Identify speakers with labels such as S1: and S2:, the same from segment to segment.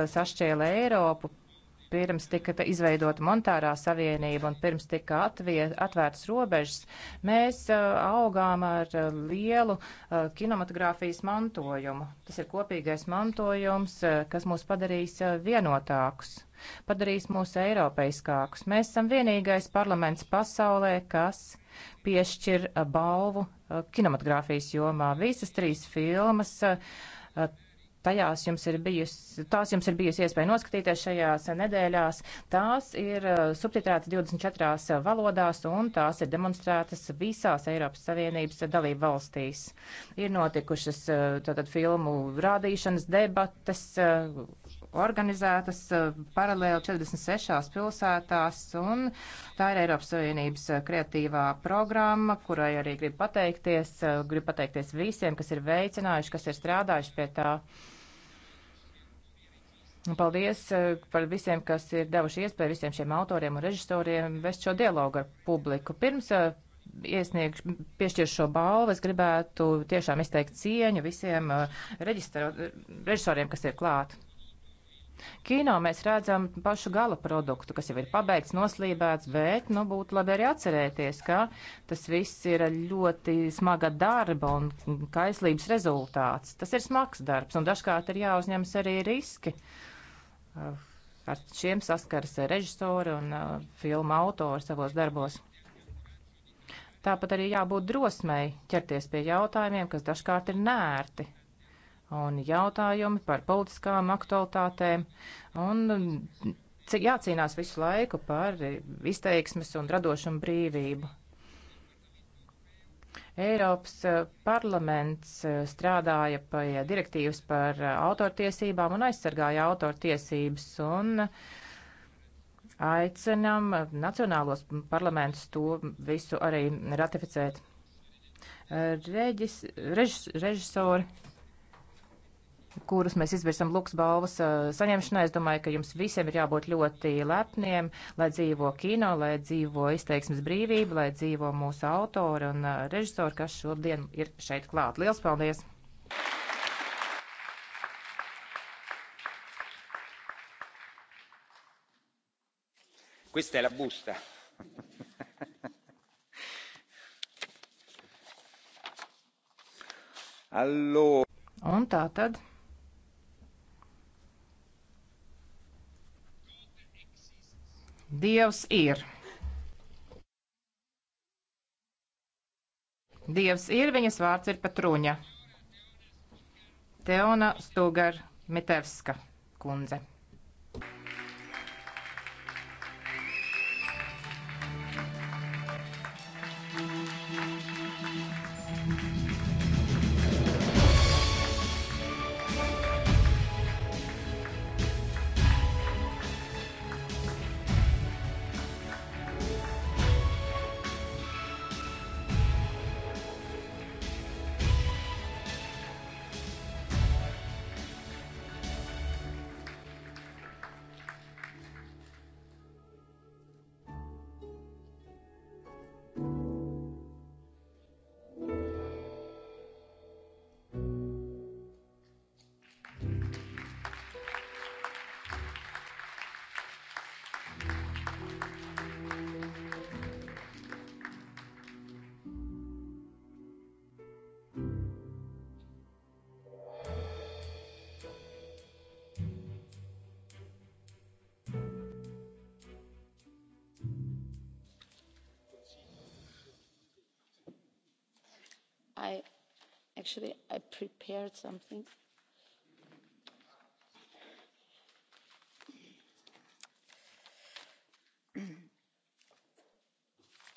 S1: Eh, sašķēla Eiropu, pirms tika izveidota monetārā savienība un pirms tika atviet, atvērtas robežas, mēs eh, augām ar eh, lielu kinematogrāfijas mantojumu. Tas ir kopīgais mantojums, kas mūs padarīs vienotākus padarīs mūs eiropeiskākus. Mēs esam vienīgais parlaments pasaulē, kas piešķir balvu kinematogrāfijas jomā. Visas trīs filmas tajās jums ir bijusi, tās jums ir bijusi iespēja noskatīties šajās nedēļās. Tās ir uh, subtitrētas 24 uh, valodās un tās ir demonstrētas visās Eiropas Savienības dalību valstīs. Ir notikušas uh, tātad filmu rādīšanas debates, organizētas paralēli 46 pilsētās, un tā ir Eiropas Savienības kreatīvā programma, kurai arī gribu pateikties, gribu pateikties visiem, kas ir veicinājuši, kas ir strādājuši pie tā. Un paldies eh, par visiem, kas ir devuši iespēju visiem šiem autoriem un režisoriem vest šo dialogu ar publiku. Pirms eh, iesniegš, piešķiršu šo balvu, es gribētu tiešām izteikt cieņu visiem eh, režisoriem, kas ir klāt. Kino mēs redzam pašu gala produktu, kas jau ir pabeigts, noslībēts, bet, nu, būtu labi arī atcerēties, ka tas viss ir ļoti smaga darba un kaislības rezultāts. Tas ir smags darbs, un dažkārt ir jāuzņemas arī riski. Uh, Ar šiem saskaras režisori un filmu autori savos darbos. Tāpat arī jābūt drosmei ķerties pie jautājumiem, kas dažkārt ir nērti, un jautājumi par politiskām aktualitātēm, un jācīnās visu laiku par izteiksmes un radošumu brīvību. Eiropas eh, parlaments eh, strādāja pie direktīvas par eh, autortiesībām un aizsargāja autortiesības un aicinam nacionālos parlamentus to visu arī ratificēt. Reģis, režis, režisori kurus mēs izvirsam Luks balvas saņemšanai. Es domāju, ka jums visiem ir jābūt ļoti lepniem, lai dzīvo kino, lai dzīvo izteiksmes brīvība, lai dzīvo mūsu autori un režisori, kas šodien ir šeit klāt. Liels paldies! Questa è la busta. allora. Un tā tad. Dievs ir. Dievs ir, viņas vārds ir Patruņa. Teona Stugar Mitevska kundze.
S2: I actually I prepared something.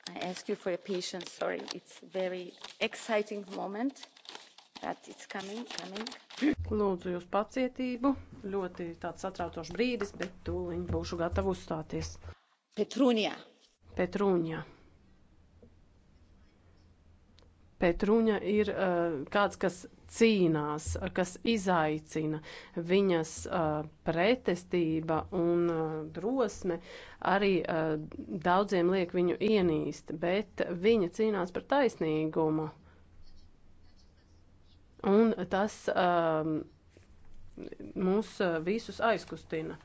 S2: I ask you for your patience. Sorry, it's a very exciting moment, but it's coming, coming. Lūdzu jūs pacietību. Ļoti tāds satraucošs brīdis, bet tūliņ būšu gatava uzstāties. Petrūnija. Petrūnija. Petruņa ir uh, kāds, kas cīnās, kas izaicina viņas uh, pretestība un uh, drosme, arī uh, daudziem liek viņu ienīst, bet viņa cīnās par taisnīgumu. Un tas uh, mūs uh, visus aizkustina.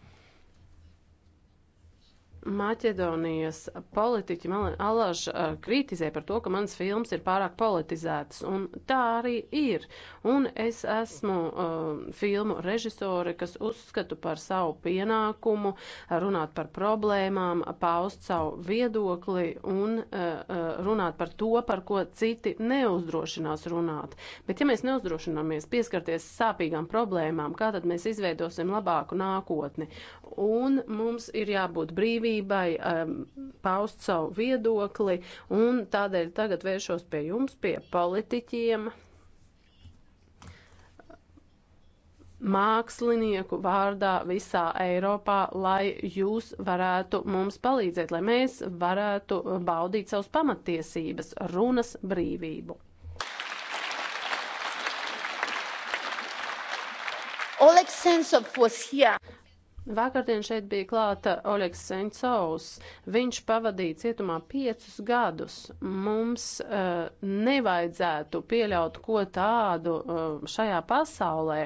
S2: Maķedonijas politiķi Alaž eh, kritizē par to, ka mans films ir pārāk politizēts, un tā arī ir. Un es esmu uh, filmu režisore, kas uzskatu par savu pienākumu runāt par problēmām, paust savu viedokli un uh, runāt par to, par ko citi neuzdrošinās runāt. Bet ja mēs neuzdrošināmies pieskarties sāpīgām problēmām, kā tad mēs izveidosim labāku nākotni? Un mums ir jābūt brīvībai brīvībai um, paust savu viedokli, un tādēļ tagad vēršos pie jums, pie politiķiem, mākslinieku vārdā visā Eiropā, lai jūs varētu mums palīdzēt, lai mēs varētu baudīt savus pamatiesības, runas brīvību. Oleg Sensov was here. Vakardien šeit bija klāta Oļegs Senčovs. Viņš pavadīja cietumā piecus gadus. Mums uh, nevajadzētu pieļaut ko tādu uh, šajā pasaulē,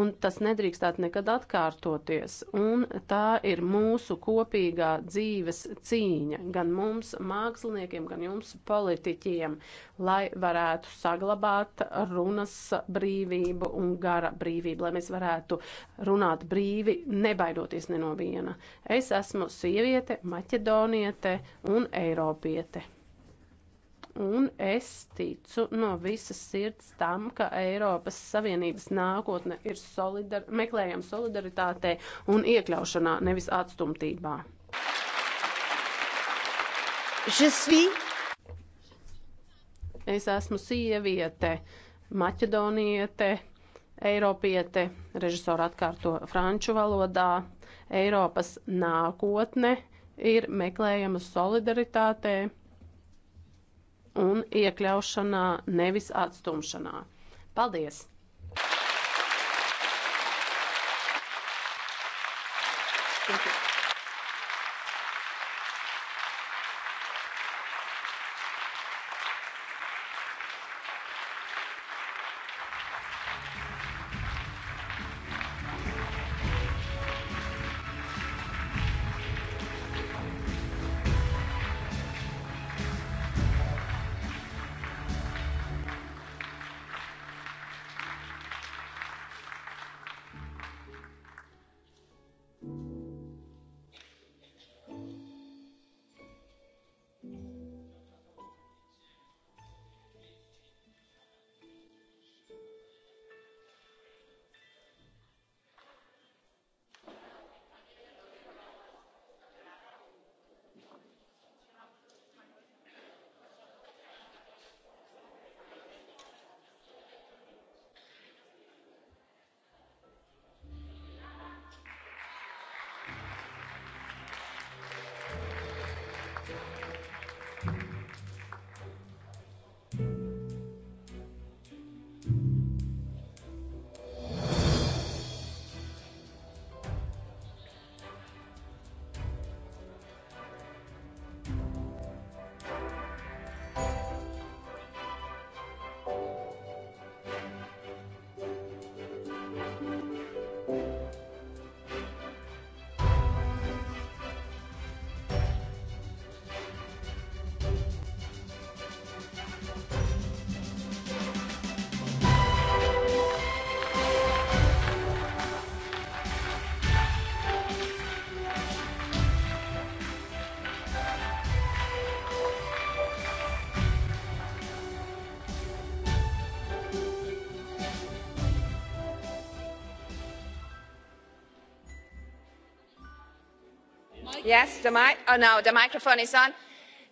S2: un tas nedrīkstētu nekad atkārtoties. Un tā ir mūsu kopīgā dzīves cīņa, gan mums, māksliniekiem, gan jums, politiķiem lai varētu saglabāt runas brīvību un gara brīvību, lai mēs varētu runāt brīvi, nebaidoties ne no viena. Es esmu sieviete, maķedoniete un eiropiete. Un es ticu no visas sirds tam, ka Eiropas Savienības nākotne ir solidar meklējama solidaritātē un iekļaušanā, nevis atstumtībā. Je suis Es esmu sieviete, maķedoniete, eiropiete, režisora atkārto franču valodā. Eiropas nākotne ir meklējama solidaritātē un iekļaušanā, nevis atstumšanā. Paldies!
S1: Yes, the mic oh, no, the microphone is on.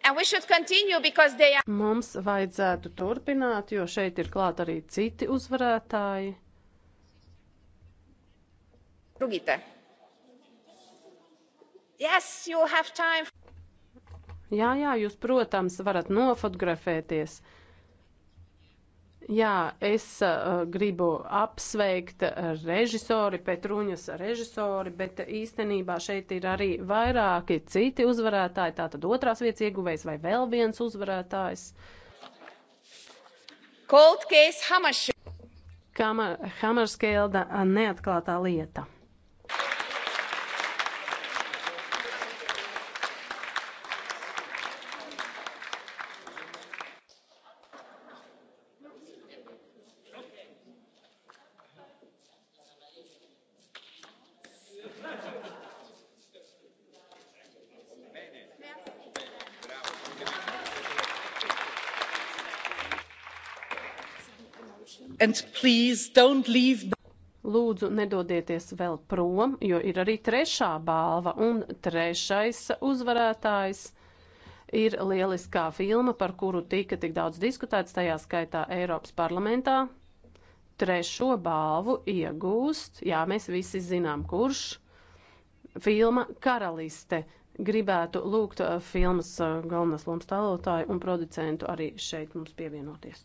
S1: And we should continue because they are...
S2: Mums vajadzētu turpināt, jo šeit ir klāt arī citi uzvarētāji.
S1: Rugite. Yes, you have time.
S2: Jā, jā, jūs, protams, varat nofotografēties. Jā, es uh, gribu apsveikt uh, režisori, Petruņas režisori, bet īstenībā šeit ir arī vairāki citi uzvarētāji, tātad otrās vietas ieguvējs vai vēl viens uzvarētājs. Cold case Hamarskēlda neatklātā lieta. Please don't leave. Lūdzu, nedodieties vēl prom, jo ir arī trešā balva un trešais uzvarētājs ir lieliskā filma, par kuru tika tik daudz diskutēts, tajā skaitā Eiropas parlamentā. Trešo balvu iegūst, jā, mēs visi zinām, kurš filma Karaliste. Gribētu lūgt uh, filmas uh, galvenās lomas tēlotāju un producentu arī šeit mums pievienoties.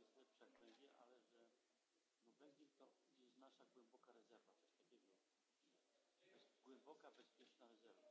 S3: razie złe przeklęwie, ale że no Belgii to jest nasza głęboka rezerwa, coś takiego. Jest głęboka, bezpieczna rezerwa.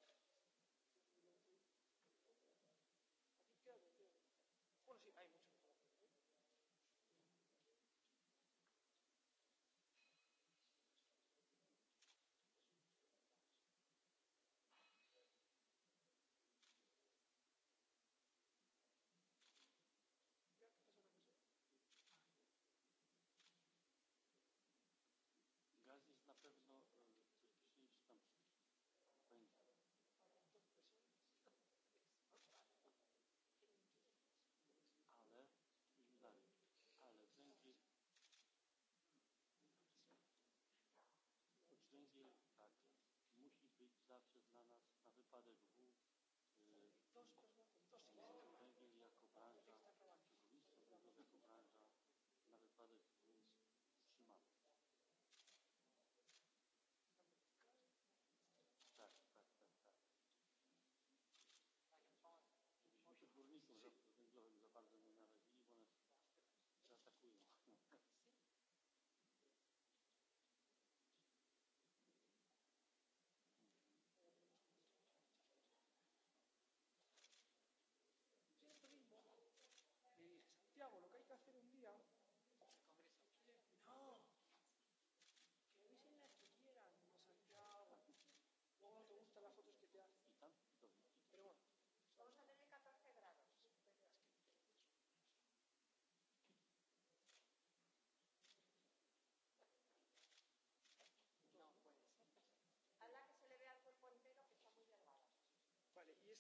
S3: wśród nas.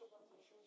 S3: Muszą bardzo się uśmiechać.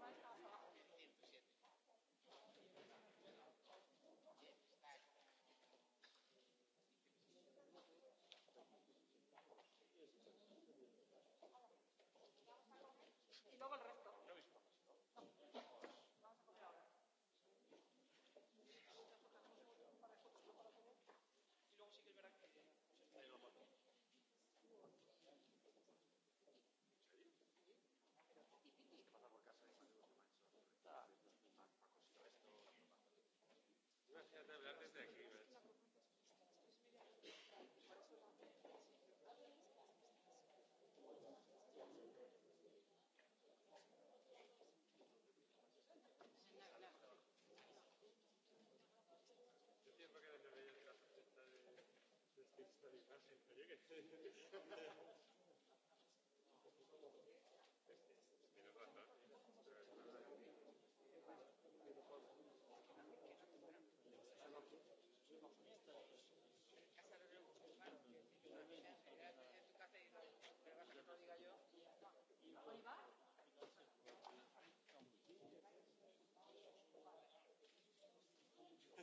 S3: capacidad de hablar desde aquí. ¿ves? Yo pienso que desde el caso está de despistabilidad siempre.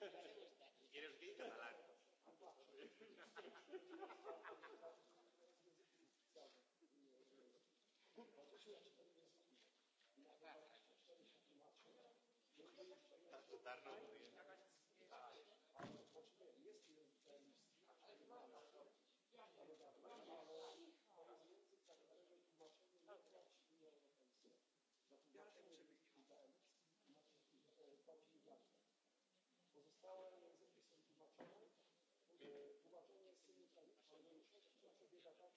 S3: Y quiere euskera y catalán. Para chutarnos muy bien. Ja,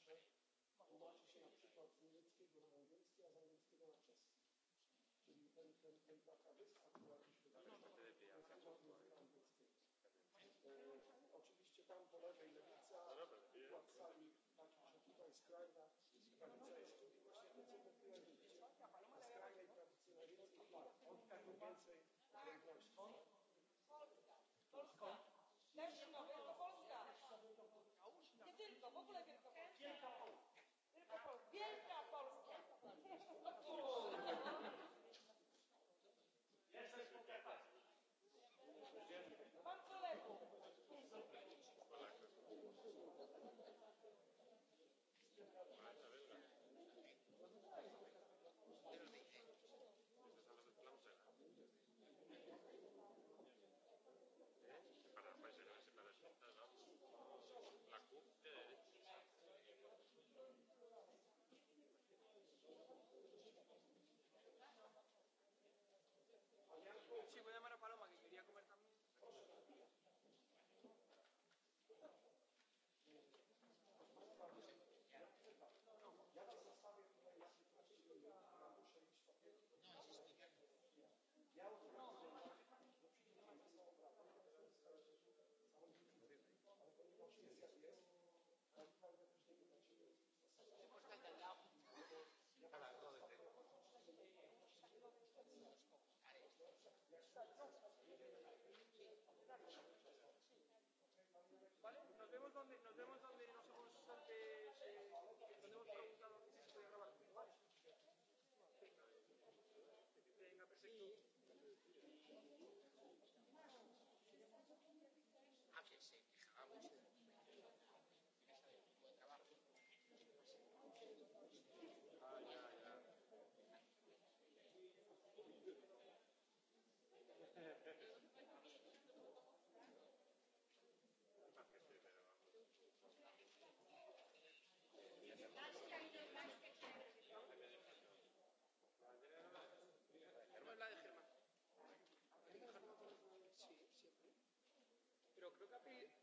S3: że udacie się na przykład z niemieckiego na angielski, a z angielskiego na czeski. Czyli ten, ten, ten taka wyspa, która gdzieś wydaje, no, no, no, no, no, no, no, no, ¿Vale? period.